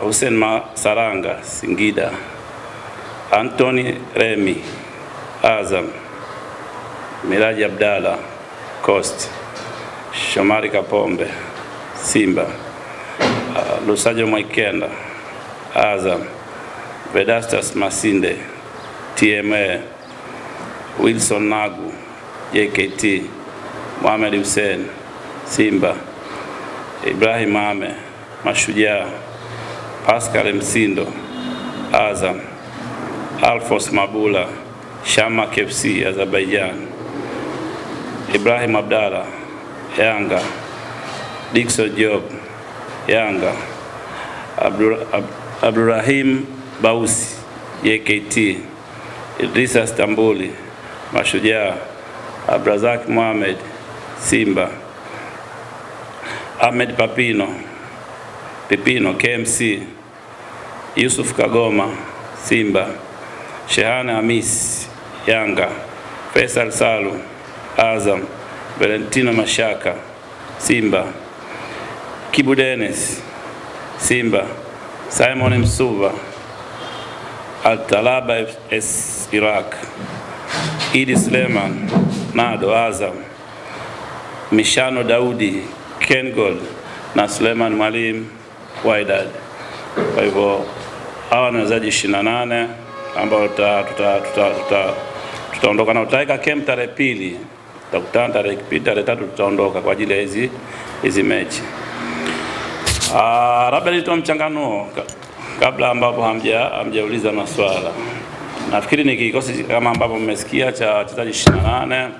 Hussein Masaranga Singida, Anthony Remy Azam, Miraji Abdalla Coast, Shomari Kapombe Simba, uh, Lusajo Mwaikenda Azam, Vedastus Masinde TMA, Wilson Nagu JKT, Mohamed Hussein Simba, Ibrahim Ame Mashujaa Pascal Msindo, Azam, alfos Mabula, Shamak FC Azerbaijan, Ibrahim Abdalla, Yanga, Dickson Job, Yanga, Abdurahim Bausi, JKT, Idrisa Stambuli, Mashujaa, Abrazak Mohamed, Simba, Ahmed Papino Pipino KMC, Yusuf Kagoma Simba, Shehana amis Yanga, Faisal Salu Azam, Valentino Mashaka Simba, Kibu Dennis Simba, Simon Msuva Altalaba S Iraq, Idi Sleman Nado Azam, Mishano Daudi Kengold na suleman Mwalimu wa idadi. Kwa hivyo hawa ni wachezaji 28 ambao tuta tutaondoka tuta, tuta, na tutaweka camp tarehe pili, tutakutana tarehe pili, tarehe tatu tutaondoka kwa ajili ya hizi hizi mechi. Ah, labda nitoa mchanganuo kabla ambapo hamja hamjauliza maswala. Nafikiri ni kikosi kama ambavyo mmesikia cha wachezaji 28.